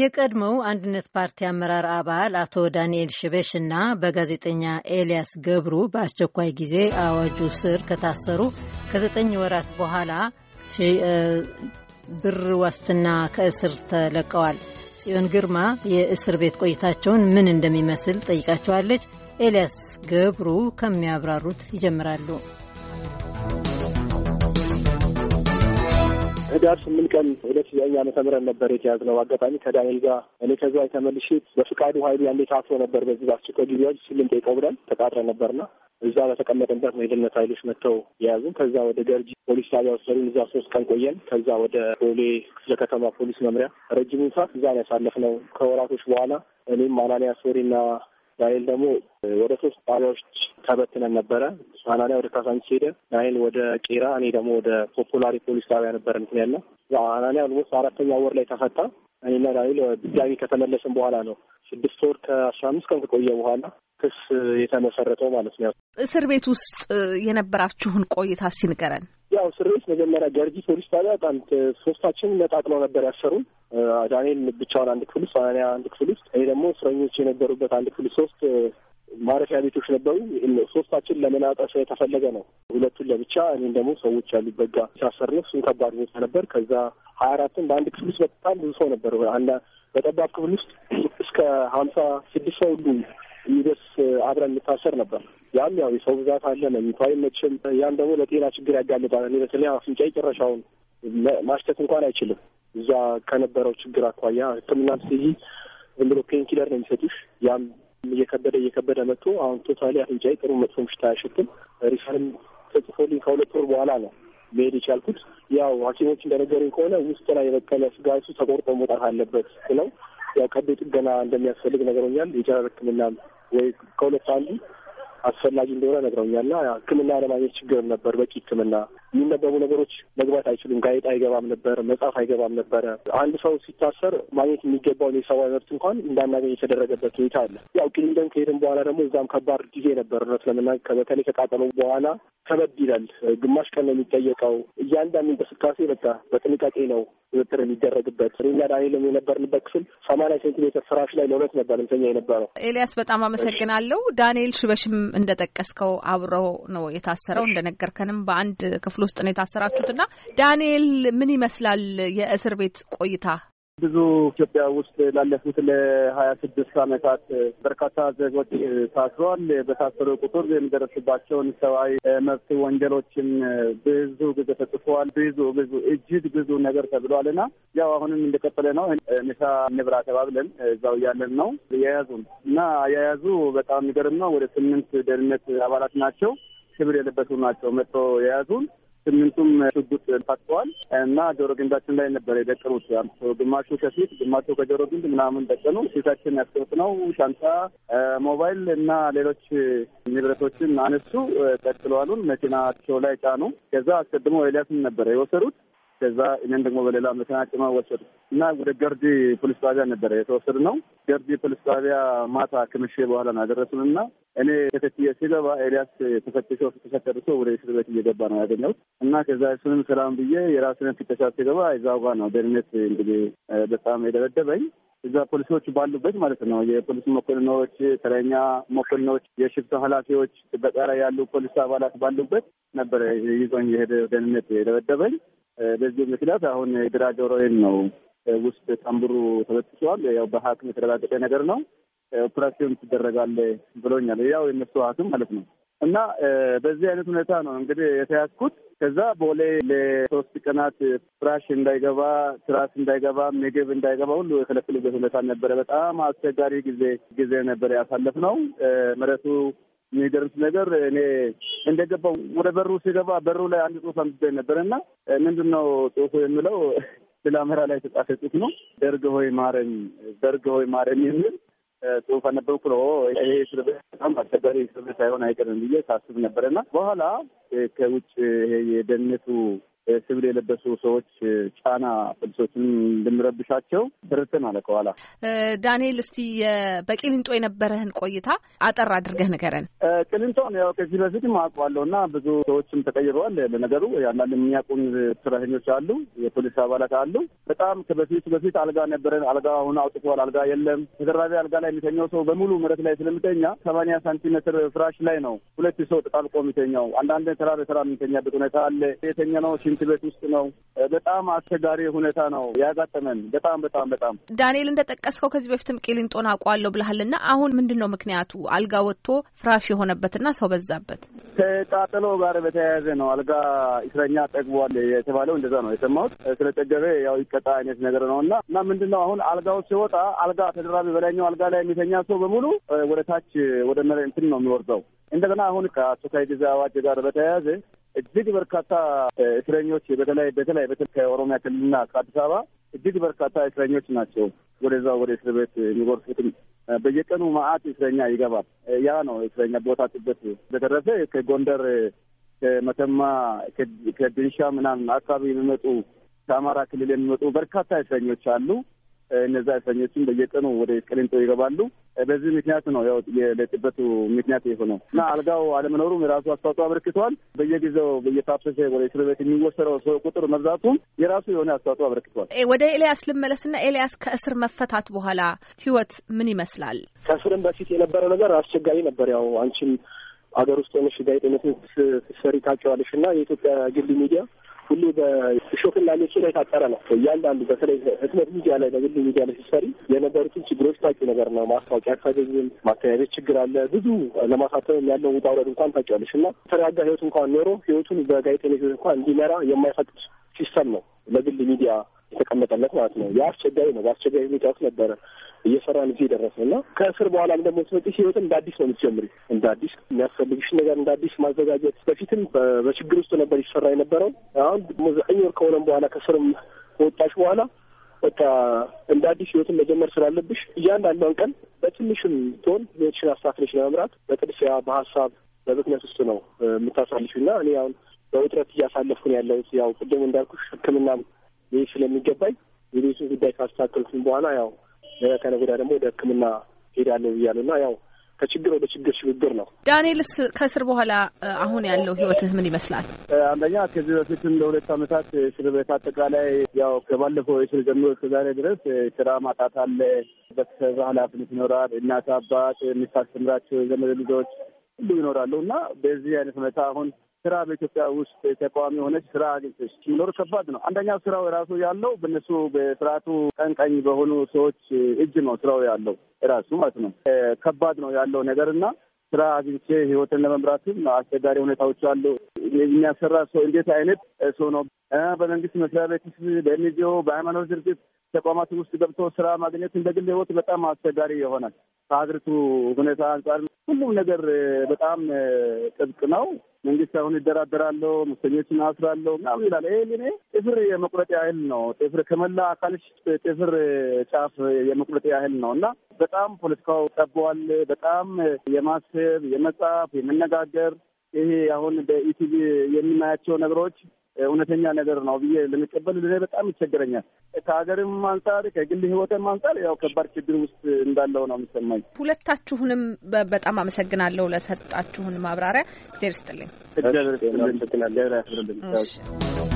የቀድሞው አንድነት ፓርቲ አመራር አባል አቶ ዳንኤል ሽበሽ እና በጋዜጠኛ ኤልያስ ገብሩ በአስቸኳይ ጊዜ አዋጁ ስር ከታሰሩ ከዘጠኝ ወራት በኋላ ብር ዋስትና ከእስር ተለቀዋል። ጽዮን ግርማ የእስር ቤት ቆይታቸውን ምን እንደሚመስል ጠይቃቸዋለች። ኤልያስ ገብሩ ከሚያብራሩት ይጀምራሉ። ህዳር ስምንት ቀን ሁለት ዘጠኝ ዓመተ ምህረት ነበር የተያዝነው። አጋጣሚ ከዳንኤል ጋር እኔ ከዛ የተመልሼ በፍቃዱ ኃይሉ ያኔ ታስሮ ነበር። በዚህ በአስቸኳይ ጊዜዎች ስልን ጠይቀው ብለን ተጣጥረን ነበርና እዛ በተቀመጥንበት ነው የደህንነት ኃይሎች መጥተው የያዙን። ከዛ ወደ ገርጂ ፖሊስ ጣቢያ ወሰዱን። እዛ ሶስት ቀን ቆየን። ከዛ ወደ ቦሌ ክፍለ ከተማ ፖሊስ መምሪያ ረጅሙን ሰዓት እዛ ነው ያሳለፍነው። ከወራቶች በኋላ እኔም አናንያ ሶሪና ዳንኤል ደግሞ ወደ ሶስት ጣቢያዎች ተበትነን ነበረ። አናንያ ወደ ካሳንቺስ ሄደ፣ ናይል ወደ ቄራ፣ እኔ ደግሞ ወደ ፖፑላሪ ፖሊስ ጣቢያ ነበር እንትን ያለ። አናንያ ኦልሞስት አራተኛ ወር ላይ ተፈታ። እኔና ናይል ድጋሚ ከተመለስን በኋላ ነው ስድስት ወር ከአስራ አምስት ቀን ከቆየ በኋላ ክስ የተመሰረተው ማለት ነው። እስር ቤት ውስጥ የነበራችሁን ቆይታ ሲንገረን። ያው እስር ቤት መጀመሪያ ገርጂ ፖሊስ ጣቢያ በጣም ሶስታችን ነጣጥለው ነበር ያሰሩን። ዳንኤል ብቻውን አንድ ክፍል ውስጥ፣ አናንያ አንድ ክፍል ውስጥ፣ እኔ ደግሞ እስረኞች የነበሩበት አንድ ክፍል ሶስት ማረፊያ ቤቶች ነበሩ። ሶስታችን ለመናጠፍ የተፈለገ ነው። ሁለቱን ለብቻ እኔም ደግሞ ሰዎች ያሉበት ጋር ሲሳሰር ነው። እሱን ከባድ ሁኔታ ነበር። ከዛ ሀያ አራትን በአንድ ክፍል ውስጥ በጣም ብዙ ሰው ነበር። አንዳ በጠባብ ክፍል ውስጥ እስከ ሀምሳ ስድስት ሰው ሁሉ የሚደርስ አብረን እንታሰር ነበር። ያም ያው የሰው ብዛት አለ፣ መኝታ አይመችም። ያም ደግሞ ለጤና ችግር ያጋልጣል። እኔ በተለይ አፍንጫ ጨረሻውን ማሽተት እንኳን አይችልም። እዛ ከነበረው ችግር አኳያ ሕክምና ስይ ዝም ብሎ ፔንኪለር ነው የሚሰጡሽ። ያም እየከበደ እየከበደ መጥቶ አሁን ቶታሊ አፍንጫዬ ጥሩ መጥፎ ምሽታ አያሸትም። ሪፈርም ተጽፎልኝ ከሁለት ወር በኋላ ነው መሄድ የቻልኩት። ያው ሐኪሞች እንደነገሩኝ ከሆነ ውስጥ ላይ የበቀለ ስጋቱ ተቆርጦ መውጣት አለበት ብለው ያው ቀዶ ጥገና እንደሚያስፈልግ ነገሮኛል። የጨረር ሕክምና ወይ ከሁለት አንዱ አስፈላጊ እንደሆነ ነግረውኛልና ሕክምና ለማግኘት ችግር ነበር። በቂ ሕክምና የሚነበቡ ነገሮች መግባት አይችሉም። ጋዜጣ አይገባም ነበር፣ መጽሐፍ አይገባም ነበረ። አንድ ሰው ሲታሰር ማግኘት የሚገባውን የሰብአዊ መብት እንኳን እንዳናገኝ የተደረገበት ሁኔታ አለ። ያው ክሊንደን ከሄድን በኋላ ደግሞ እዛም ከባድ ጊዜ ነበር። እውነት ለመናገር በተለይ ከቃጠሎ በኋላ ከበድ ይላል። ግማሽ ቀን ነው የሚጠየቀው። እያንዳንድ እንቅስቃሴ በቃ በጥንቃቄ ነው ቁጥጥር የሚደረግበት እኔና ዳንኤልም የነበርንበት ክፍል ሰማንያ ሴንቲሜትር ፍራሽ ላይ ለሁለት ነበር እንተኛ የነበረው። ኤልያስ በጣም አመሰግናለሁ። ዳንኤል ሽበሽም እንደጠቀስከው አብረው ነው የታሰረው። እንደነገርከንም በአንድ ክፍል ውስጥ ነው የታሰራችሁት እና ዳንኤል ምን ይመስላል የእስር ቤት ቆይታ ብዙ ኢትዮጵያ ውስጥ ላለፉት ለሀያ ስድስት ዓመታት በርካታ ዜጎች ታስሯል። በታሰሩ ቁጥር የሚደረስባቸውን ሰብአዊ መብት ወንጀሎችን ብዙ ጊዜ ተጽፈዋል። ብዙ ብዙ እጅግ ብዙ ነገር ተብሏል እና ያው አሁንም እንደቀጠለ ነው። ምሳ ንብራ ተባብለን እዛው እያለን ነው የያዙን እና የያዙ በጣም የሚገርም ነው። ወደ ስምንት ደህንነት አባላት ናቸው። ክብር የለበሱ ናቸው መጥቶ የያዙን ስምንቱም ሽጉጥ ታጥቀዋል እና ጆሮ ግንዳችን ላይ ነበር የደቀኑት። ግማሹ ከፊት ግማሹ ከጆሮ ግንድ ምናምን ደቀኑ። ፊታችን ነው ሻንጣ፣ ሞባይል እና ሌሎች ንብረቶችን አነሱ። ቀጥለዋሉን መኪናቸው ላይ ጫኑ። ከዛ አስቀድሞ ኤልያስን ነበረ የወሰዱት። ከዛ እኔም ደግሞ በሌላ መኪና ጭማ ወሰዱ እና ወደ ገርጂ ፖሊስ ጣቢያ ነበረ የተወሰድ ነው። ገርጂ ፖሊስ ጣቢያ ማታ ክምሼ በኋላ ነው ያደረሱን እና እኔ ተከትዬ ሲገባ ኤልያስ ተፈትሾ ተሰከርሶ ወደ እስር ቤት እየገባ ነው ያገኘሁት እና ከዛ እሱንም ሰላም ብዬ የራስን ፍተሻ ሲገባ እዛው ጋር ነው ደህንነት እንግዲህ በጣም የደበደበኝ እዛ ፖሊሶች ባሉበት ማለት ነው። የፖሊስ መኮንኖች፣ ተረኛ መኮንኖች፣ የሽፍት ኃላፊዎች፣ ጥበቃ ላይ ያሉ ፖሊስ አባላት ባሉበት ነበረ ይዞኝ የሄደ ደህንነት የደበደበኝ። በዚህ ምክንያት አሁን የግራ ጆሮዬን ነው ውስጥ ጠንብሩ ተበጥሷል። ያው በሐኪም የተረጋገጠ ነገር ነው። ኦፕራሲዮን ትደረጋለ ብሎኛል። ያው የነሱ ሐኪም ማለት ነው። እና በዚህ አይነት ሁኔታ ነው እንግዲህ የተያዝኩት። ከዛ ቦሌ ለሶስት ቀናት ፍራሽ እንዳይገባ፣ ትራስ እንዳይገባ፣ ምግብ እንዳይገባ ሁሉ የከለከሉበት ሁኔታ ነበረ። በጣም አስቸጋሪ ጊዜ ጊዜ ነበር ያሳለፍ ነው መረቱ የሚደርስ ነገር እኔ እንደገባው ወደ በሩ ሲገባ በሩ ላይ አንድ ጽሁፍ አንብቤ ነበር እና ምንድን ነው ጽሁፉ የምለው ስለ አምራ ላይ የተጻፈ ጽሁፍ ነው። ደርግ ሆይ ማረኝ፣ ደርግ ሆይ ማረኝ የሚል ጽሁፍ አነበብኩ። ነው ይሄ እስር ቤት በጣም አስቸጋሪ እስር ቤት ሳይሆን አይቀርም ብዬ ሳስብ ነበርና በኋላ ከውጭ ይሄ የደህንነቱ ስብል የለበሱ ሰዎች ጫና ፖሊሶችን እንድንረብሻቸው ብርትን አለ። ከኋላ ዳንኤል፣ እስቲ በቂሊንጦ የነበረህን ቆይታ አጠር አድርገህ ንገረን። ቂሊንጦን ያው ከዚህ በፊትም አውቀዋለሁ እና ብዙ ሰዎችም ተቀይረዋል። ለነገሩ አንዳንድ የሚያውቁን ስራተኞች አሉ፣ የፖሊስ አባላት አሉ። በጣም ከበፊት በፊት አልጋ ነበረን፣ አልጋ አሁን አውጥተዋል። አልጋ የለም። ተደራቢ አልጋ ላይ የሚተኛው ሰው በሙሉ መሬት ላይ ስለሚተኛ ሰማንያ ሳንቲሜትር ፍራሽ ላይ ነው ሁለት ሰው ተጣብቆ የሚተኛው። አንዳንድ ተራ በተራ የሚተኛበት ሁኔታ አለ የተኛ ነው ሽንት ቤት ውስጥ ነው። በጣም አስቸጋሪ ሁኔታ ነው ያጋጠመን። በጣም በጣም በጣም ዳንኤል፣ እንደጠቀስከው ከዚህ በፊትም ቂሊንጦን አውቀዋለሁ ብለሃልና አሁን ምንድን ነው ምክንያቱ? አልጋ ወጥቶ ፍራሽ የሆነበትና ሰው በዛበት ከቃጠሎ ጋር በተያያዘ ነው። አልጋ እስረኛ ጠግቧል የተባለው እንደዛ ነው የሰማሁት። ስለጠገበ ያው ይቀጣ አይነት ነገር ነው እና እና ምንድን ነው አሁን አልጋው ሲወጣ አልጋ ተደራቢ በላይኛው አልጋ ላይ የሚተኛ ሰው በሙሉ ወደ ታች ወደ መሬት እንትን ነው የሚወርደው። እንደገና አሁን ከአስቸኳይ ጊዜ አዋጅ ጋር በተያያዘ እጅግ በርካታ እስረኞች በተለይ በተለይ በተለይ ከኦሮሚያ ክልልና ከአዲስ አበባ እጅግ በርካታ እስረኞች ናቸው ወደዛ ወደ እስር ቤት የሚጎርፉትም በየቀኑ መዓት እስረኛ ይገባል። ያ ነው እስረኛ ቦታ ጥበት በተረፈ ከጎንደር ከመተማ ከድንሻ ምናምን አካባቢ የሚመጡ ከአማራ ክልል የሚመጡ በርካታ እስረኞች አሉ። እነዛ እስረኞችም በየቀኑ ወደ ቅሊንጦ ይገባሉ። በዚህ ምክንያት ነው ያው ለጥበቱ ምክንያት የሆነው እና አልጋው አለመኖሩም የራሱ አስተዋጽኦ አበርክተዋል። በየጊዜው በየፓፕሰሴ ወደ እስር ቤት የሚወሰደው ሰው ቁጥር መብዛቱም የራሱ የሆነ አስተዋጽኦ አበርክተዋል። ወደ ኤልያስ ልመለስና ኤልያስ ከእስር መፈታት በኋላ ህይወት ምን ይመስላል? ከእስርም በፊት የነበረው ነገር አስቸጋሪ ነበር። ያው አንቺም አገር ውስጥ ሆነሽ ጋዜጠኝነት ስትሰሪ ታውቂዋለሽ እና የኢትዮጵያ ግል ሚዲያ ሁሉ በሾክና ሌሱ ላይ የታጠረ ነው። እያንዳንዱ በተለይ ህትመት ሚዲያ ላይ በግል ሚዲያ ላይ ሲሰሪ የነበሩትን ችግሮች ታቂ ነገር ነው። ማስታወቂያ አታገኝም፣ ማተያየት ችግር አለ። ብዙ ለማሳተም ያለው ውጣ ውረድ እንኳን ታውቂያለሽ። እና ተረጋጋ ህይወት እንኳን ኖሮ ህይወቱን በጋዜጠኝነት እንኳን እንዲመራ የማይፈቅድ ሲስተም ነው ለግል ሚዲያ የተቀመጠለት ማለት ነው። የአስቸጋሪ ነው። በአስቸጋሪ ሁኔታ ውስጥ ነበረ እየሰራን እዚህ የደረስነው እና ከእስር በኋላም ደግሞ ስመጪ ህይወትን እንደ አዲስ ነው የምትጀምሪ። እንደ አዲስ የሚያስፈልግሽ ነገር እንደ አዲስ ማዘጋጀት። በፊትም በችግር ውስጥ ነበር ይሰራ የነበረው። አሁን ደግሞ ዘጠኝ ወር ከሆነም በኋላ ከእስርም ወጣሽ በኋላ በቃ እንደ አዲስ ህይወትን መጀመር ስላለብሽ እያንዳንዷን ቀን በትንሽም ትሆን ህይወትሽን አስተካክለሽ ለመምራት በቅድስያ በሀሳብ በብክነት ውስጥ ነው የምታሳልፊ እና እኔ አሁን በውጥረት እያሳለፍኩ ነው ያለሁት። ያው ቅድም እንዳልኩሽ ሕክምና ይህ ስለሚገባኝ የቤቱን ጉዳይ ካስተካከልኩኝ በኋላ ያው ነገ ከነገ ወዲያ ደግሞ ወደ ሕክምና ሄዳለሁ ብያለሁና ያው ከችግር ወደ ችግር ሽግግር ነው። ዳንኤልስ ከእስር በኋላ አሁን ያለው ህይወትህ ምን ይመስላል? አንደኛ ከዚህ በፊትም ለሁለት ዓመታት እስር ቤት አጠቃላይ ያው ከባለፈው እስር ጀምሮ እስከዛሬ ድረስ ስራ ማጣት አለ። በተሰራ ኃላፊነት ይኖራል። እናት አባት፣ የምታስተምራቸው ዘመድ ልጆች ሁሉ ይኖራሉ እና በዚህ አይነት ሁኔታ አሁን ስራ በኢትዮጵያ ውስጥ ተቃዋሚ የሆነች ስራ አግኝተች መኖር ከባድ ነው። አንደኛው ስራው ራሱ ያለው በነሱ በስርዓቱ ቀንቀኝ በሆኑ ሰዎች እጅ ነው ስራው ያለው ራሱ ማለት ነው። ከባድ ነው ያለው ነገር እና ስራ አግኝቼ ህይወትን ለመምራትም አስቸጋሪ ሁኔታዎች አሉ። የሚያሰራ ሰው እንዴት አይነት ሰው ነው? በመንግስት መስሪያ ቤት ውስጥ፣ በኤንጂኦ በሃይማኖት ድርጅት ተቋማት ውስጥ ገብቶ ስራ ማግኘት እንደ ግል ህይወት በጣም አስቸጋሪ ይሆናል። ከሀገሪቱ ሁኔታ አንጻር ሁሉም ነገር በጣም ጥብቅ ነው። መንግስት አሁን ይደራደራለሁ፣ ሙሰኞችን አስራለሁ ምናምን ይላል። ይህ እኔ ጥፍር የመቁረጥ ያህል ነው። ጥፍር ከመላ አካልሽ ጥፍር ጫፍ የመቁረጥ ያህል ነው እና በጣም ፖለቲካው ጠበዋል። በጣም የማሰብ የመጻፍ የመነጋገር ይሄ አሁን በኢቲቪ የምናያቸው ነገሮች እውነተኛ ነገር ነው ብዬ ለመቀበል ል በጣም ይቸግረኛል። ከሀገርም አንጻር ከግል ህይወትም አንጻር ያው ከባድ ችግር ውስጥ እንዳለው ነው የሚሰማኝ። ሁለታችሁንም በጣም አመሰግናለሁ ለሰጣችሁን ማብራሪያ። እግዜር ይስጥልኝ።